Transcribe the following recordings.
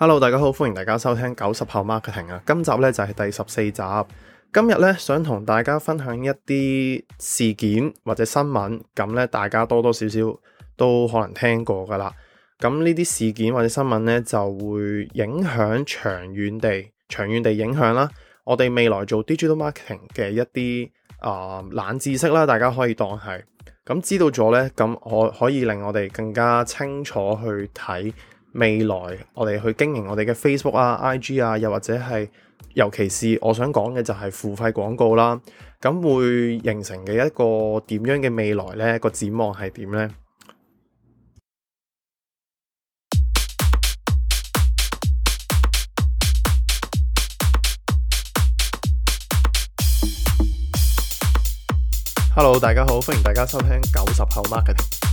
Hello，大家好，歡迎大家收聽九十後 marketing 啊，今集咧就係第十四集。今日咧想同大家分享一啲事件或者新聞，咁咧大家多多少少都可能聽過噶啦。咁呢啲事件或者新聞咧，就會影響長遠地、長遠地影響啦。我哋未來做 digital marketing 嘅一啲啊、呃、冷知識啦，大家可以當係咁知道咗咧，咁我可以令我哋更加清楚去睇。未來我哋去經營我哋嘅 Facebook 啊、IG 啊，又或者係，尤其是我想講嘅就係付費廣告啦，咁會形成嘅一個點樣嘅未來呢？個展望係點呢？Hello，大家好，歡迎大家收聽九十後 Marketing。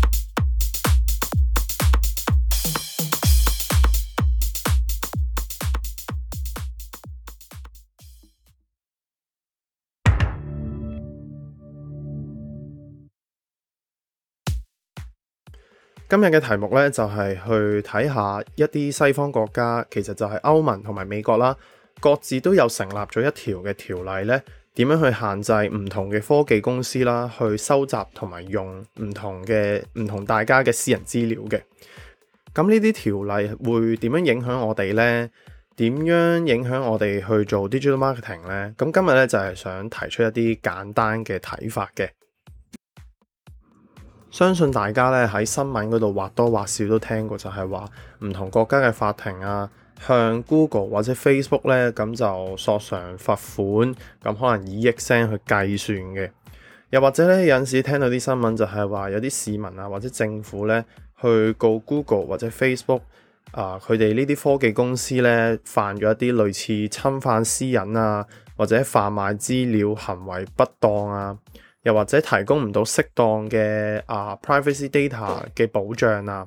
今日嘅題目咧就係去睇下一啲西方國家，其實就係歐盟同埋美國啦，各自都有成立咗一條嘅條例咧，點樣去限制唔同嘅科技公司啦，去收集同埋用唔同嘅唔同大家嘅私人資料嘅。咁呢啲條例會點樣影響我哋呢？點樣影響我哋去做 digital marketing 呢？咁今日咧就係想提出一啲簡單嘅睇法嘅。相信大家咧喺新聞嗰度或多或少都聽過，就係話唔同國家嘅法庭啊，向 Google 或者 Facebook 咧咁就索償罰款，咁可能以億聲去計算嘅。又或者咧，有時聽到啲新聞就係話有啲市民啊或者政府咧去告 Google 或者 Facebook 啊，佢哋呢啲科技公司咧犯咗一啲類似侵犯私隱啊，或者販賣資料行為不當啊。又或者提供唔到適當嘅啊、uh, privacy data 嘅保障啊，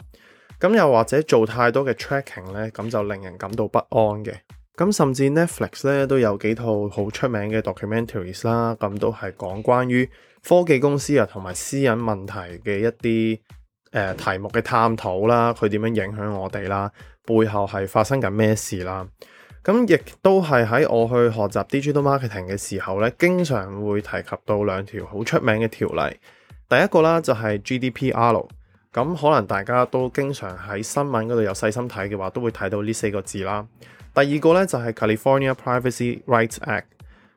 咁又或者做太多嘅 tracking 咧，咁就令人感到不安嘅。咁甚至 Netflix 咧都有幾套好出名嘅 documentaries 啦，咁都係講關於科技公司啊同埋私隱問題嘅一啲誒、呃、題目嘅探討啦，佢點樣影響我哋啦，背後係發生緊咩事啦？咁亦都係喺我去學習 Digital Marketing 嘅時候咧，經常會提及到兩條好出名嘅條例。第一個啦，就係 GDPR。咁可能大家都經常喺新聞嗰度有細心睇嘅話，都會睇到呢四個字啦。第二個咧就係 California Privacy Rights Act。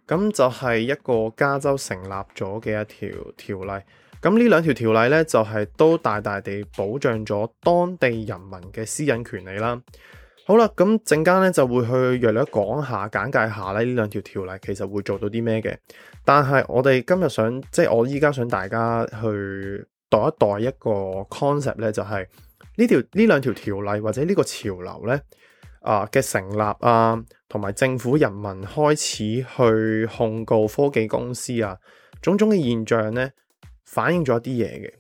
咁就係一個加州成立咗嘅一條條例。咁呢兩條條例咧，就係都大大地保障咗當地人民嘅私隱權利啦。好啦，咁陣間咧就會去略略講下簡介下咧呢兩條條例其實會做到啲咩嘅，但係我哋今日想即係我依家想大家去代一代一個 concept 咧，就係呢條呢兩條條例或者呢個潮流咧啊嘅成立啊，同埋政府人民開始去控告科技公司啊，種種嘅現象咧反映咗啲嘢嘅。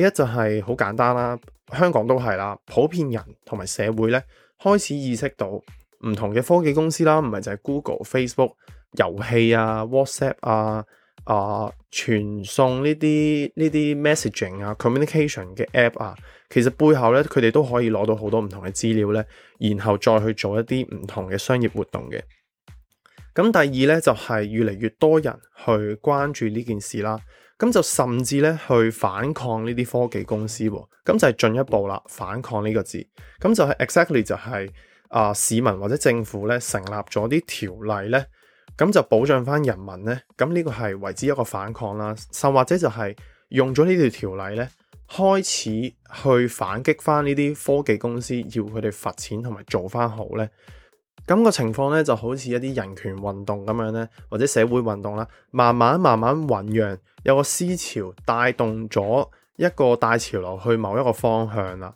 第一就係好簡單啦，香港都係啦，普遍人同埋社會咧，開始意識到唔同嘅科技公司啦，唔係就係 Google、Facebook、遊戲啊、WhatsApp 啊、啊，傳送呢啲呢啲 Messaging 啊、Communication 嘅 App 啊，其實背後咧佢哋都可以攞到好多唔同嘅資料咧，然後再去做一啲唔同嘅商業活動嘅。咁第二咧就係越嚟越多人去關注呢件事啦。咁就甚至咧去反抗呢啲科技公司，咁就係進一步啦。反抗呢個字，咁就係 exactly 就係、是、啊、呃，市民或者政府咧成立咗啲條例咧，咁就保障翻人民咧。咁呢個係為之一個反抗啦，甚或者就係用咗呢條條例咧，開始去反擊翻呢啲科技公司，要佢哋罰錢同埋做翻好咧。咁個情況咧就好似一啲人權運動咁樣咧，或者社會運動啦，慢慢慢慢醖釀，有個思潮帶動咗一個大潮流去某一個方向啦。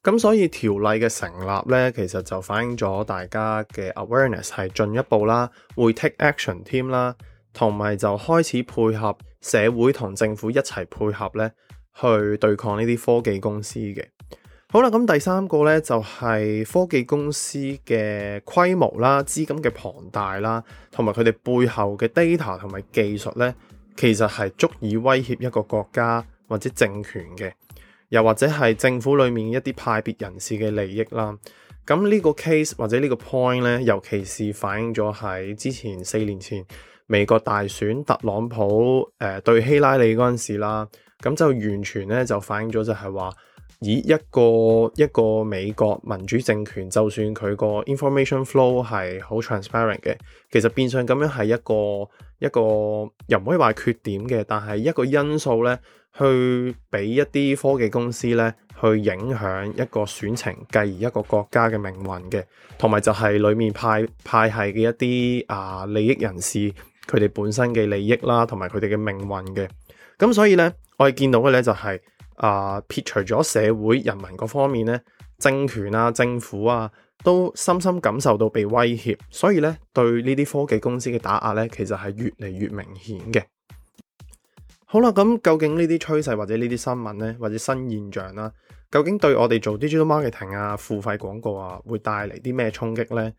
咁所以條例嘅成立咧，其實就反映咗大家嘅 awareness 係進一步啦，會 take action 添啦，同埋就開始配合社會同政府一齊配合咧，去對抗呢啲科技公司嘅。好啦，咁第三個咧就係、是、科技公司嘅規模啦、資金嘅龐大啦，同埋佢哋背後嘅 data 同埋技術咧，其實係足以威脅一個國家或者政權嘅，又或者係政府裏面一啲派別人士嘅利益啦。咁呢個 case 或者呢個 point 咧，尤其是反映咗喺之前四年前美國大選特朗普誒、呃、對希拉里嗰陣時啦，咁就完全咧就反映咗就係話。以一個一個美國民主政權，就算佢個 information flow 係好 transparent 嘅，其實變相咁樣係一個一個又唔可以話缺點嘅，但係一個因素咧，去俾一啲科技公司咧，去影響一個選情，繼而一個國家嘅命運嘅，同埋就係裡面派派系嘅一啲啊利益人士佢哋本身嘅利益啦，同埋佢哋嘅命運嘅。咁所以咧，我哋見到嘅咧就係、是。啊！撇除咗社會人民嗰方面咧，政權啊、政府啊，都深深感受到被威脅，所以咧對呢啲科技公司嘅打壓咧，其實係越嚟越明顯嘅。好啦，咁究竟呢啲趨勢或者呢啲新聞咧，或者新現象啦、啊，究竟對我哋做 digital marketing 啊、付費廣告啊，會帶嚟啲咩衝擊呢？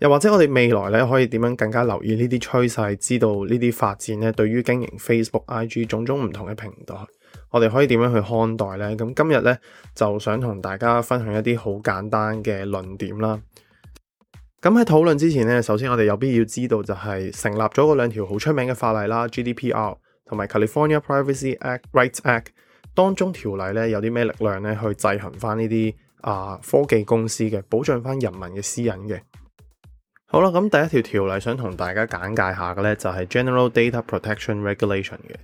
又或者我哋未來咧可以點樣更加留意呢啲趨勢，知道呢啲發展咧，對於經營 Facebook、IG 種種唔同嘅平台？我哋可以點樣去看待呢？咁今日呢，就想同大家分享一啲好簡單嘅論點啦。咁喺討論之前呢，首先我哋有必要知道就係成立咗嗰兩條好出名嘅法例啦，GDPR 同埋 California Privacy Act Rights Act 當中條例呢，有啲咩力量呢去制衡翻呢啲啊科技公司嘅，保障翻人民嘅私隱嘅。好啦，咁第一條條例想同大家簡介下嘅呢，就係 General Data Protection Regulation 嘅。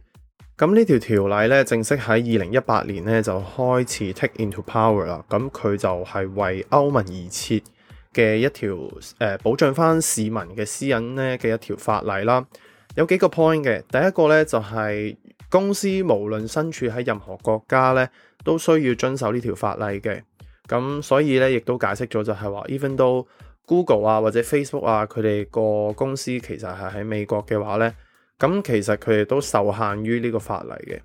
咁呢條條例咧，正式喺二零一八年咧就開始 take into power 啦。咁佢就係為歐盟而設嘅一條誒、呃、保障返市民嘅私隱咧嘅一條法例啦。有幾個 point 嘅，第一個咧就係、是、公司無論身處喺任何國家咧，都需要遵守呢條法例嘅。咁所以咧亦都解釋咗就係話，even 到 Google 啊或者 Facebook 啊，佢哋個公司其實係喺美國嘅話咧。咁其實佢哋都受限於呢個法例嘅。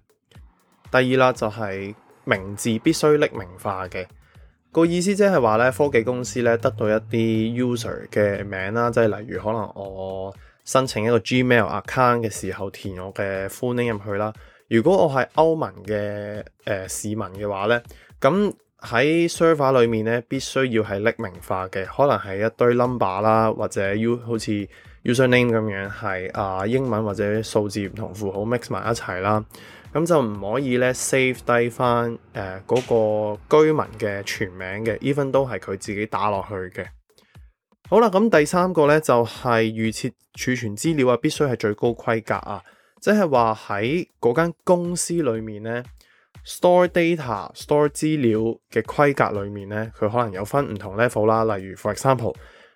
第二啦，就係名字必須匿名化嘅。個意思即係話咧，科技公司咧得到一啲 user 嘅名啦，即係例如可能我申請一個 Gmail account 嘅時候填我嘅 full name 入去啦。如果我係歐盟嘅誒、呃、市民嘅話呢，咁喺 server 裏面呢，必須要係匿名化嘅，可能係一堆 number 啦，或者 u 好似。user name 咁樣係，啊英文或者數字唔同符號 mix 埋一齊啦，咁、啊、就唔可以咧 save 低翻誒嗰個居民嘅全名嘅，even 都係佢自己打落去嘅。好啦，咁第三個咧就係、是、預設儲存資料啊，必須係最高規格啊，即係話喺嗰間公司裏面咧 store data store 資料嘅規格裏面咧，佢可能有分唔同 level 啦，例如 for example。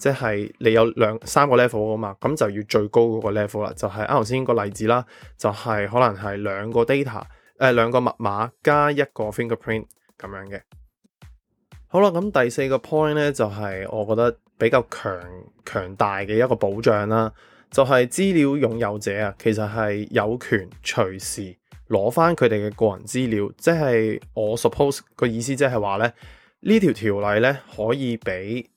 即係你有兩三個 level 吖嘛，咁就要最高嗰個 level 啦，就係啱頭先個例子啦，就係、是、可能係兩個 data，誒、呃、兩個密碼加一個 fingerprint 咁樣嘅。好啦，咁第四個 point 呢，就係、是、我覺得比較強強大嘅一個保障啦，就係、是、資料擁有者啊，其實係有權隨時攞返佢哋嘅個人資料，即係我 suppose 個意思即係話呢呢條條例呢，可以俾。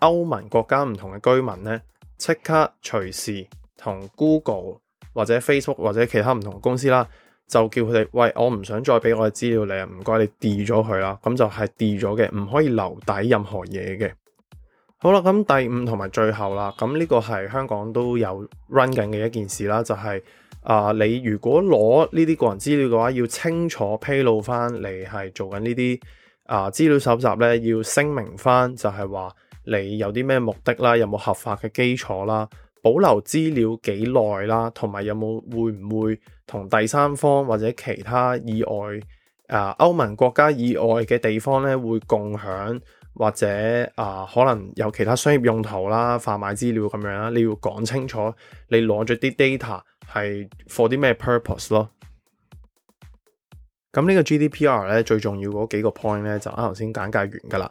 歐盟國家唔同嘅居民咧，即刻隨時同 Google 或者 Facebook 或者其他唔同公司啦，就叫佢哋喂，我唔想再俾我嘅資料你啊，唔該你 delete 咗佢啦，咁就係 delete 咗嘅，唔可以留底任何嘢嘅。好啦，咁第五同埋最後啦，咁呢個係香港都有 run 緊嘅一件事啦，就係、是、啊、呃，你如果攞呢啲個人資料嘅話，要清楚披露翻你係做緊呢啲啊資料搜集咧，要聲明翻就係話。你有啲咩目的啦？有冇合法嘅基礎啦？保留資料幾耐啦？同埋有冇會唔會同第三方或者其他以外啊呃、歐盟國家以外嘅地方咧會共享或者啊、呃、可能有其他商業用途啦販賣資料咁樣啦？你要講清楚你攞咗啲 data 係 for 啲咩 purpose 咯？咁呢個 GDPR 咧最重要嗰幾個 point 咧就啱頭先簡介完噶啦。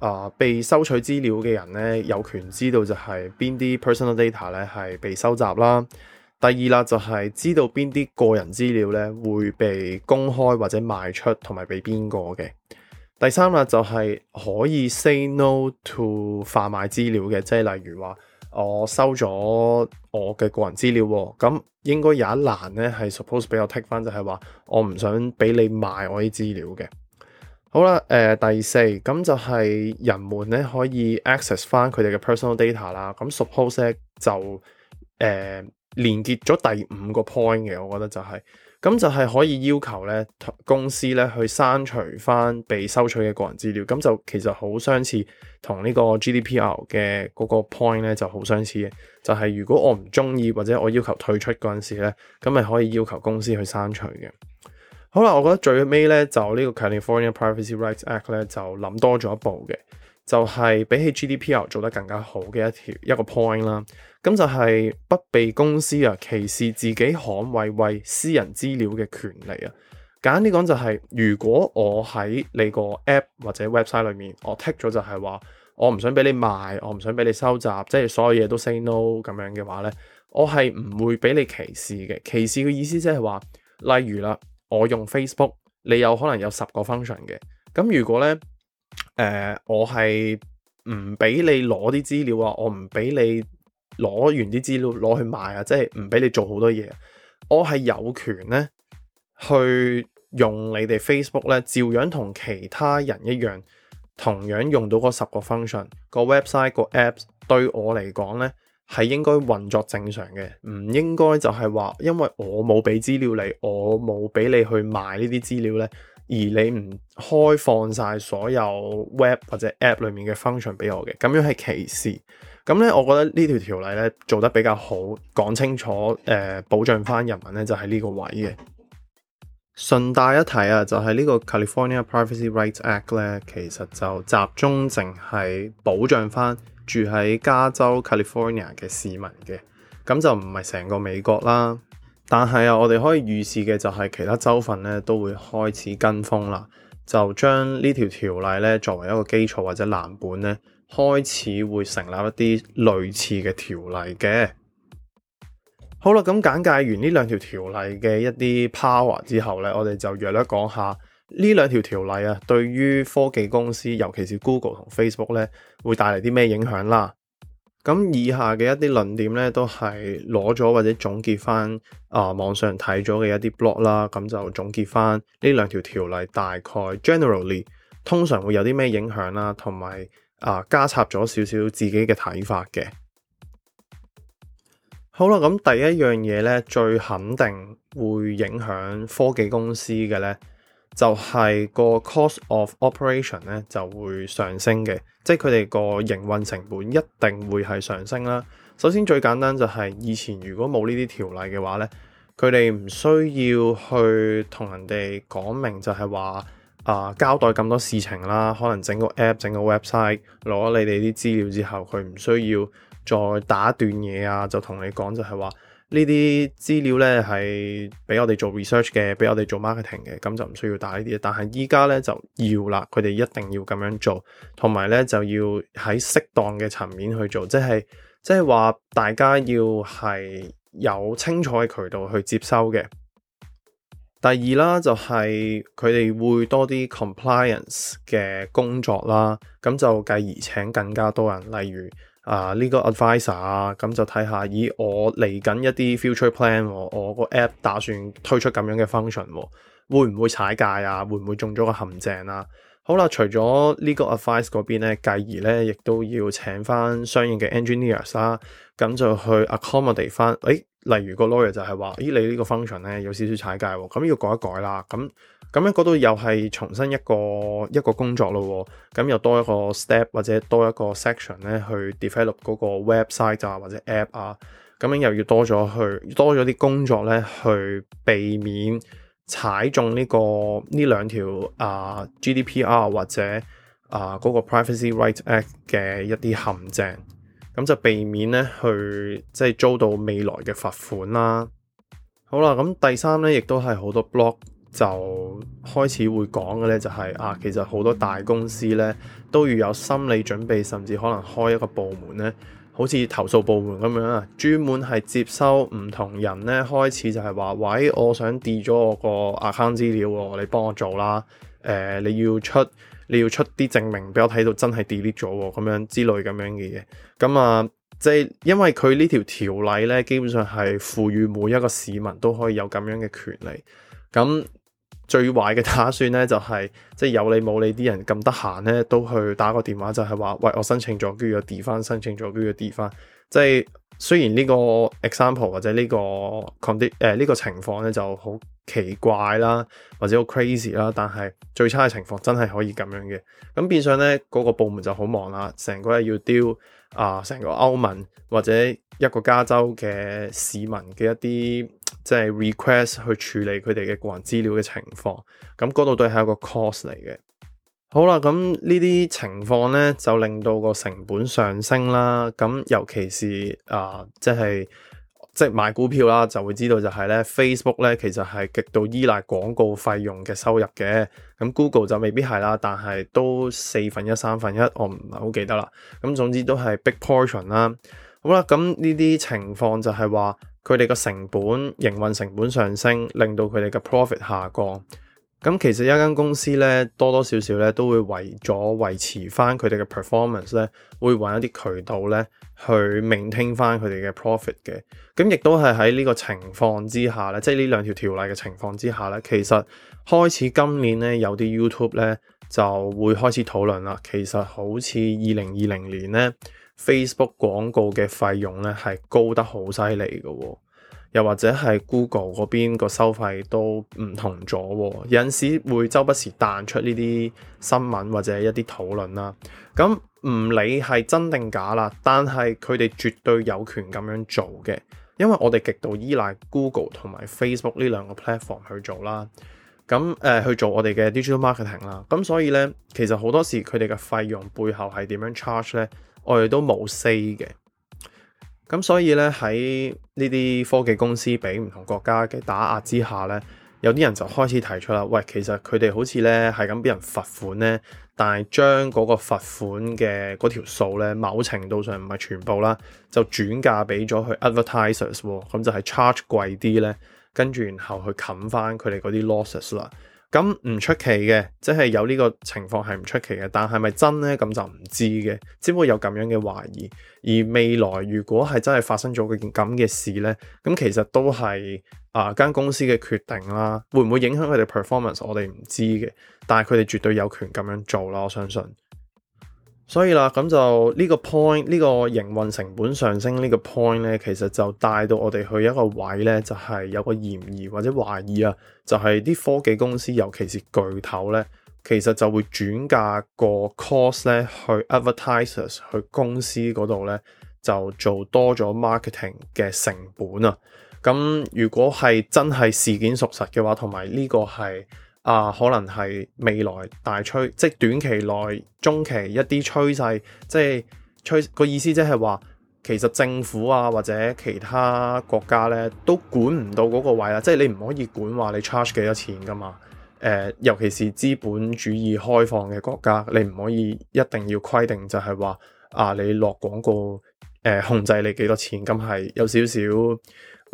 啊、呃，被收取資料嘅人咧有權知道就係邊啲 personal data 咧係被收集啦。第二啦就係、是、知道邊啲個人資料咧會被公開或者賣出同埋俾邊個嘅。第三啦就係、是、可以 say no to 販賣資料嘅，即係例如話我收咗我嘅個人資料喎，咁應該有一欄咧係 suppose 俾我 take 翻，就係話我唔想俾你賣我啲資料嘅。好啦，誒、呃、第四咁就係人們咧可以 access 返佢哋嘅 personal data 啦。咁 suppose 就誒、呃、連結咗第五個 point 嘅，我覺得就係、是、咁就係可以要求咧公司咧去刪除返被收取嘅個人資料。咁就其實好相似同呢個 GDPR 嘅嗰個 point 咧就好相似嘅，就係、是、如果我唔中意或者我要求退出嗰陣時咧，咁咪可以要求公司去刪除嘅。好啦，我覺得最尾咧就呢個 California Privacy Rights Act 咧就諗多咗一步嘅，就係比起 GDPR 做得更加好嘅一條一個 point 啦。咁就係不被公司啊歧視自己捍衛為私人資料嘅權利啊。簡單啲講就係，如果我喺你個 app 或者 website 裏面，我 tick 咗就係話我唔想俾你賣，我唔想俾你收集，即係所有嘢都 say no 咁樣嘅話咧，我係唔會俾你歧視嘅。歧視嘅意思即係話，例如啦。我用 Facebook，你有可能有十個 function 嘅。咁如果咧，誒、呃，我係唔俾你攞啲資料啊，我唔俾你攞完啲資料攞去賣啊，即係唔俾你做好多嘢。我係有權咧，去用你哋 Facebook 咧，照樣同其他人一樣，同樣用到嗰十個 function 個 website 個 apps，對我嚟講咧。係應該運作正常嘅，唔應該就係話，因為我冇俾資料你，我冇俾你去買呢啲資料呢，而你唔開放晒所有 web 或者 app 裡面嘅 function 俾我嘅，咁樣係歧視。咁呢，我覺得呢條條例呢做得比較好，講清楚，誒、呃，保障翻人民呢就喺、是、呢個位嘅。順帶一提啊，就係、是、呢個 California Privacy Rights Act 呢，其實就集中淨係保障翻。住喺加州 California 嘅市民嘅，咁就唔係成個美國啦。但係啊，我哋可以預示嘅就係其他州份咧都會開始跟風啦，就將呢條條例咧作為一個基礎或者藍本咧，開始會成立一啲類似嘅條例嘅。好啦，咁簡介完呢兩條條例嘅一啲 power 之後咧，我哋就約一講下。呢兩條條例啊，對於科技公司，尤其是 Google 同 Facebook 咧，會帶嚟啲咩影響啦？咁以下嘅一啲論點咧，都係攞咗或者總結翻啊、呃，網上睇咗嘅一啲 blog 啦。咁就總結翻呢兩條條例，大概 generally 通常會有啲咩影響啦，同埋啊加插咗少少自己嘅睇法嘅。好啦，咁第一樣嘢咧，最肯定會影響科技公司嘅咧。就係個 cost of operation 咧就會上升嘅，即係佢哋個營運成本一定會係上升啦。首先最簡單就係，以前如果冇呢啲條例嘅話咧，佢哋唔需要去同人哋講明就係話啊交代咁多事情啦，可能整個 app 整個 website 攞你哋啲資料之後，佢唔需要再打斷嘢啊，就同你講就係話。呢啲資料咧係俾我哋做 research 嘅，俾我哋做 marketing 嘅，咁就唔需要打呢啲。但係依家咧就要啦，佢哋一定要咁樣做，同埋咧就要喺適當嘅層面去做，即係即係話大家要係有清楚嘅渠道去接收嘅。第二啦，就係佢哋會多啲 compliance 嘅工作啦，咁就繼而請更加多人，例如。啊，呢個 advisor 啊，咁就睇下，以我嚟緊一啲 future plan，我個 app 打算推出咁樣嘅 function，會唔會踩界啊？會唔會中咗個陷阱啊？好啦，除咗呢個 advisor 嗰邊咧，繼而咧，亦都要請翻相應嘅 engineers 啦、啊，咁就去 accommodate 翻。誒，例如個 lawyer 就係話，咦，你呢個 function 咧有少少踩界、啊，咁要改一改啦，咁。咁樣嗰度又係重新一個一個工作咯、哦，咁又多一個 step 或者多一個 section 咧，去 develop 嗰個 website 啊或者 app 啊，咁樣又要多咗去多咗啲工作咧，去避免踩中呢、呢個呢兩條啊、uh, GDPR 或者啊嗰、uh, 個 privacy right act 嘅一啲陷阱，咁就避免咧去即係、就是、遭到未來嘅罰款啦。好啦，咁第三咧亦都係好多 blog。就開始會講嘅咧，就係啊，其實好多大公司咧都要有心理準備，甚至可能開一個部門咧，好似投訴部門咁樣啊，專門係接收唔同人咧，開始就係話：喂，我想 delete 咗我個 account 資料喎，你幫我做啦。誒、呃，你要出你要出啲證明俾我睇到真係 delete 咗喎，咁樣之類咁樣嘅嘢。咁啊，即係因為佢呢條條例咧，基本上係賦予每一個市民都可以有咁樣嘅權利。咁最壞嘅打算咧，就係即係有你冇你啲人咁得閒咧，都去打個電話就，就係話，喂，我申請咗，跟住又 delete 翻申請咗，跟住又 delete 翻。即係雖然呢個 example 或者呢、呢個 c 呢、呃呢個情況咧就好奇怪啦，或者好 crazy 啦，但係最差嘅情況真係可以咁樣嘅。咁變相咧，嗰、嗰個部門就好忙啦，成個日要 deal 啊！成個歐盟或者一個加州嘅市民嘅一啲即係 request 去處理佢哋嘅個人資料嘅情況，咁嗰度都係一個 cost 嚟嘅。好啦，咁呢啲情況咧就令到個成本上升啦。咁尤其是啊，即係。即係買股票啦，就會知道就係咧，Facebook 咧其實係極度依賴廣告費用嘅收入嘅，咁 Google 就未必係啦，但係都四分一三分一，我唔係好記得啦。咁總之都係 big portion 啦。好啦，咁呢啲情況就係話佢哋個成本，營運成本上升，令到佢哋嘅 profit 下降。咁其實一間公司咧，多多少少咧都會為咗維持翻佢哋嘅 performance 咧，會揾一啲渠道咧去 maintain 翻佢哋嘅 profit 嘅。咁亦都係喺呢個情況之下咧，即係呢兩條條例嘅情況之下咧，其實開始今年咧有啲 YouTube 咧就會開始討論啦。其實好似二零二零年咧，Facebook 廣告嘅費用咧係高得好犀利嘅喎。又或者係 Google 嗰邊個收費都唔同咗，哦，有陣時會周不時彈出呢啲新聞或者一啲討論啦。咁唔理係真定假啦，但係佢哋絕對有權咁樣做嘅，因為我哋極度依賴 Google 同埋 Facebook 呢兩個 platform 去做啦。咁誒，呃、去做我哋嘅 digital marketing 啦。咁所以呢，其實好多時佢哋嘅費用背後係點樣 charge 呢？我哋都冇 say 嘅。咁所以咧喺呢啲科技公司俾唔同國家嘅打壓之下咧，有啲人就開始提出啦，喂，其實佢哋好似咧係咁俾人罰款咧，但係將嗰個罰款嘅嗰條數咧，某程度上唔係全部啦，就轉嫁俾咗佢 advertisers 喎、哦，咁就係 charge 貴啲咧，跟住然後去冚翻佢哋嗰啲 losses 啦。咁唔出奇嘅，即係有呢個情況係唔出奇嘅，但係咪真呢？咁就唔知嘅，只會有咁樣嘅懷疑。而未來如果係真係發生咗件咁嘅事呢，咁其實都係啊間公司嘅決定啦，會唔會影響佢哋 performance，我哋唔知嘅，但係佢哋絕對有權咁樣做啦，我相信。所以啦，咁就呢個 point，呢個營運成本上升呢個 point 呢，其實就帶到我哋去一個位呢，就係有個嫌疑或者懷疑啊，就係啲科技公司，尤其是巨頭呢，其實就會轉嫁個 cost 呢去 advertisers，去公司嗰度呢，就做多咗 marketing 嘅成本啊。咁如果係真係事件屬實嘅話，同埋呢個係。啊，可能係未來大趨，即短期內、中期一啲趨勢，即係趨個意思，即係話其實政府啊或者其他國家呢都管唔到嗰個位啦，即係你唔可以管話你 charge 幾多錢噶嘛，誒、呃，尤其是資本主義開放嘅國家，你唔可以一定要規定就係話啊，你落廣告誒、呃、控制你幾多錢，咁係有少少。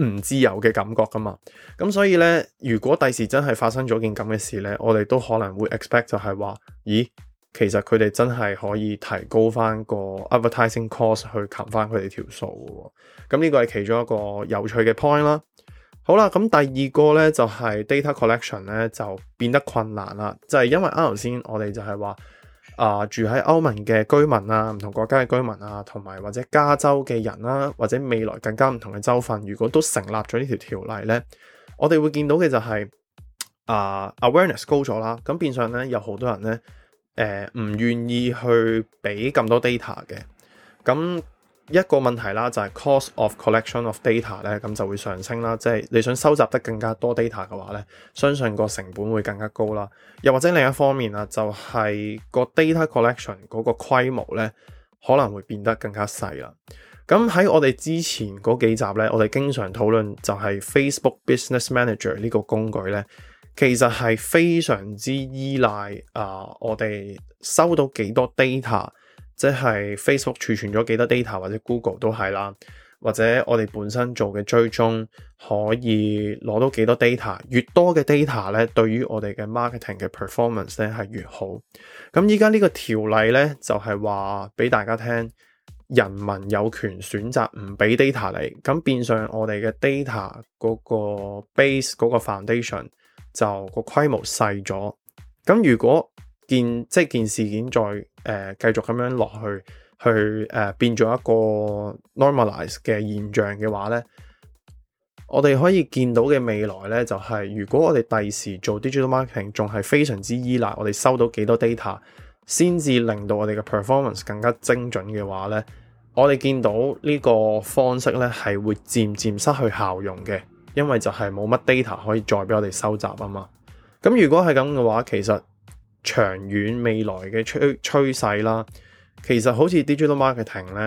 唔自由嘅感覺㗎嘛，咁所以呢，如果第時真係發生咗件咁嘅事呢，我哋都可能會 expect 就係話，咦，其實佢哋真係可以提高翻個 advertising cost 去冚翻佢哋條數喎，咁呢個係其中一個有趣嘅 point 啦。好啦，咁第二個呢，就係、是、data collection 呢，就變得困難啦，就係、是、因為啱頭先我哋就係話。啊、呃，住喺歐盟嘅居民啊，唔同國家嘅居民啊，同埋或者加州嘅人啦、啊，或者未來更加唔同嘅州份，如果都成立咗呢條條例呢，我哋會見到嘅就係、是、啊、呃、awareness 高咗啦，咁變相呢，有好多人呢誒唔、呃、願意去俾咁多 data 嘅，咁。一個問題啦，就係、是、cost of collection of data 咧，咁就會上升啦。即係你想收集得更加多 data 嘅話咧，相信個成本會更加高啦。又或者另一方面啊，就係、是、個 data collection 嗰個規模咧，可能會變得更加細啦。咁喺我哋之前嗰幾集咧，我哋經常討論就係 Facebook Business Manager 呢個工具咧，其實係非常之依賴啊、呃，我哋收到幾多 data。即係 Facebook 儲存咗幾多 data，或者 Google 都係啦，或者我哋本身做嘅追蹤可以攞到幾多 data，越多嘅 data 咧，對於我哋嘅 marketing 嘅 performance 咧係越好。咁依家呢個條例咧就係話俾大家聽，人民有權選擇唔俾 data 嚟，咁變相我哋嘅 data 嗰個 base 嗰個 foundation 就個規模細咗。咁如果件即件事件再，誒、呃、繼續咁樣落去，去誒、呃、變咗一個 normalize 嘅現象嘅話呢，我哋可以見到嘅未來呢，就係、是、如果我哋第時做 digital marketing 仲係非常之依賴我哋收到幾多 data 先至令到我哋嘅 performance 更加精準嘅話呢，我哋見到呢個方式呢，係會漸漸失去效用嘅，因為就係冇乜 data 可以再俾我哋收集啊嘛。咁如果係咁嘅話，其實長遠未來嘅趨趨勢啦，其實好似 digital marketing 咧，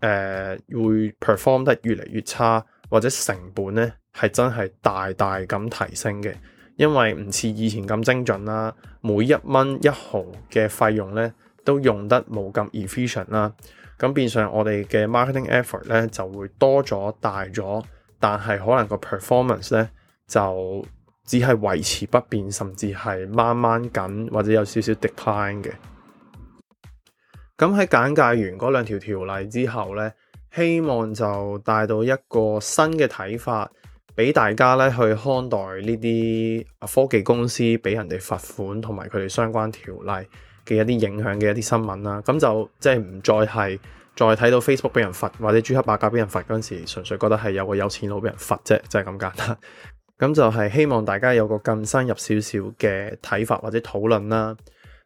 誒、呃、會 perform 得越嚟越差，或者成本咧係真係大大咁提升嘅，因為唔似以前咁精準啦，每一蚊一毫嘅費用咧都用得冇咁 efficient 啦，咁變相我哋嘅 marketing effort 咧就會多咗大咗，但係可能個 performance 咧就～只係維持不變，甚至係掹掹緊或者有少少 decline 嘅。咁喺簡介完嗰兩條條例之後呢，希望就帶到一個新嘅睇法俾大家呢，去看待呢啲科技公司俾人哋罰款同埋佢哋相關條例嘅一啲影響嘅一啲新聞啦。咁就即係唔再係再睇到 Facebook 俾人罰或者朱克伯格俾人罰嗰陣時，純粹覺得係有個有錢佬俾人罰啫，就係咁簡單。咁就係希望大家有個更深入少少嘅睇法或者討論啦。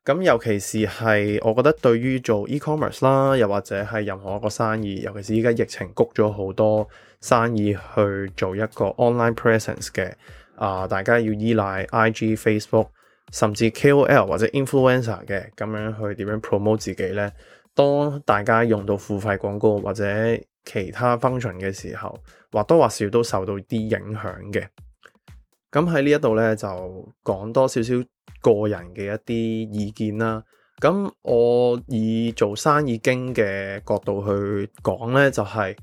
咁尤其是係，我覺得對於做 e-commerce 啦，又或者係任何一個生意，尤其是依家疫情谷咗好多生意去做一個 online presence 嘅啊、呃，大家要依賴 IG、Facebook 甚至 KOL 或者 influencer 嘅咁樣去點樣 promote 自己呢？當大家用到付費廣告或者其他 function 嘅時候，或多或少都受到啲影響嘅。咁喺呢一度咧，就講多少少個人嘅一啲意見啦。咁我以做生意經嘅角度去講咧，就係、是、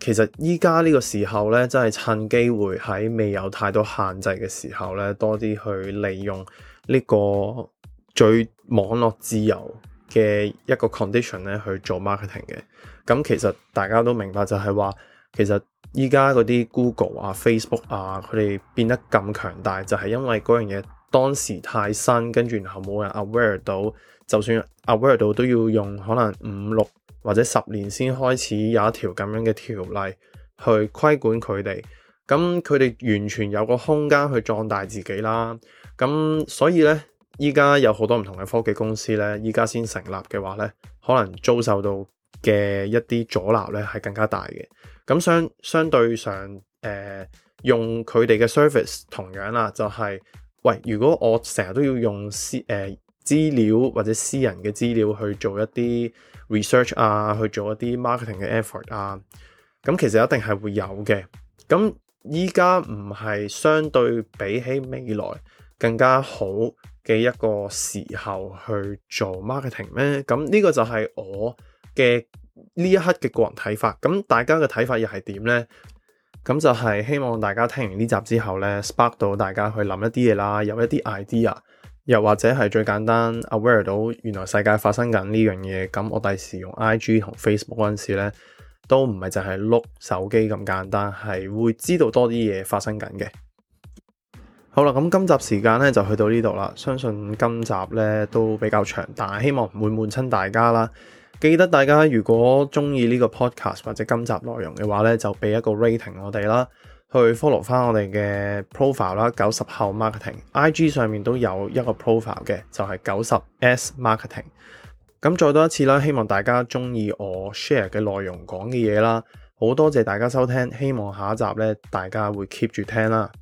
其實依家呢個時候咧，真係趁機會喺未有太多限制嘅時候咧，多啲去利用呢個最網絡自由嘅一個 condition 咧去做 marketing 嘅。咁其實大家都明白就，就係話。其實依家嗰啲 Google 啊、Facebook 啊，佢哋變得咁強大，就係因為嗰樣嘢當時太新，跟住然後冇人 aware 到，就算 aware 到都要用可能五六或者十年先開始有一條咁樣嘅條例去規管佢哋，咁佢哋完全有個空間去壯大自己啦。咁所以呢，依家有好多唔同嘅科技公司呢，依家先成立嘅話呢，可能遭受到嘅一啲阻撓呢係更加大嘅。咁相相對上，誒、呃、用佢哋嘅 service 同樣啦，就係、是、喂，如果我成日都要用私誒資、呃、料或者私人嘅資料去做一啲 research 啊，去做一啲 marketing 嘅 effort 啊，咁其實一定係會有嘅。咁依家唔係相對比起未來更加好嘅一個時候去做 marketing 咩？咁呢個就係我嘅。呢一刻嘅個人睇法，咁大家嘅睇法又係點呢？咁就係希望大家聽完呢集之後呢 spark 到大家去諗一啲嘢啦，有一啲 idea，又或者係最簡單 aware 到原來世界發生緊呢樣嘢。咁我第時用 IG 同 Facebook 嗰陣時呢，都唔係淨係碌手機咁簡單，係會知道多啲嘢發生緊嘅。好啦，咁今集時間呢就去到呢度啦。相信今集呢都比較長，但係希望唔會悶親大家啦。記得大家如果中意呢個 podcast 或者今集內容嘅話呢，就俾一個 rating 我哋啦，去 follow 翻我哋嘅 profile 啦，九十後 marketing，IG 上面都有一個 profile 嘅，就係九十 S marketing。咁再多一次啦，希望大家中意我 share 嘅內容講嘅嘢啦，好多謝大家收聽，希望下一集呢大家會 keep 住聽啦。